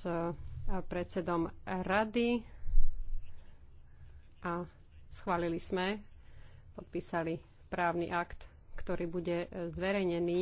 s e, predsedom rady a schválili sme, podpísali právny akt, ktorý bude e, zverejnený